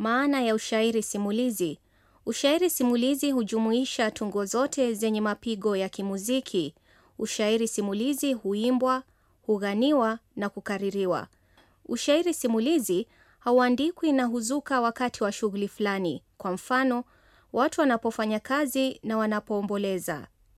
Maana ya ushairi simulizi. Ushairi simulizi hujumuisha tungo zote zenye mapigo ya kimuziki. Ushairi simulizi huimbwa, hughaniwa na kukaririwa. Ushairi simulizi hauandikwi na huzuka wakati wa shughuli fulani. Kwa mfano, watu wanapofanya kazi na wanapoomboleza.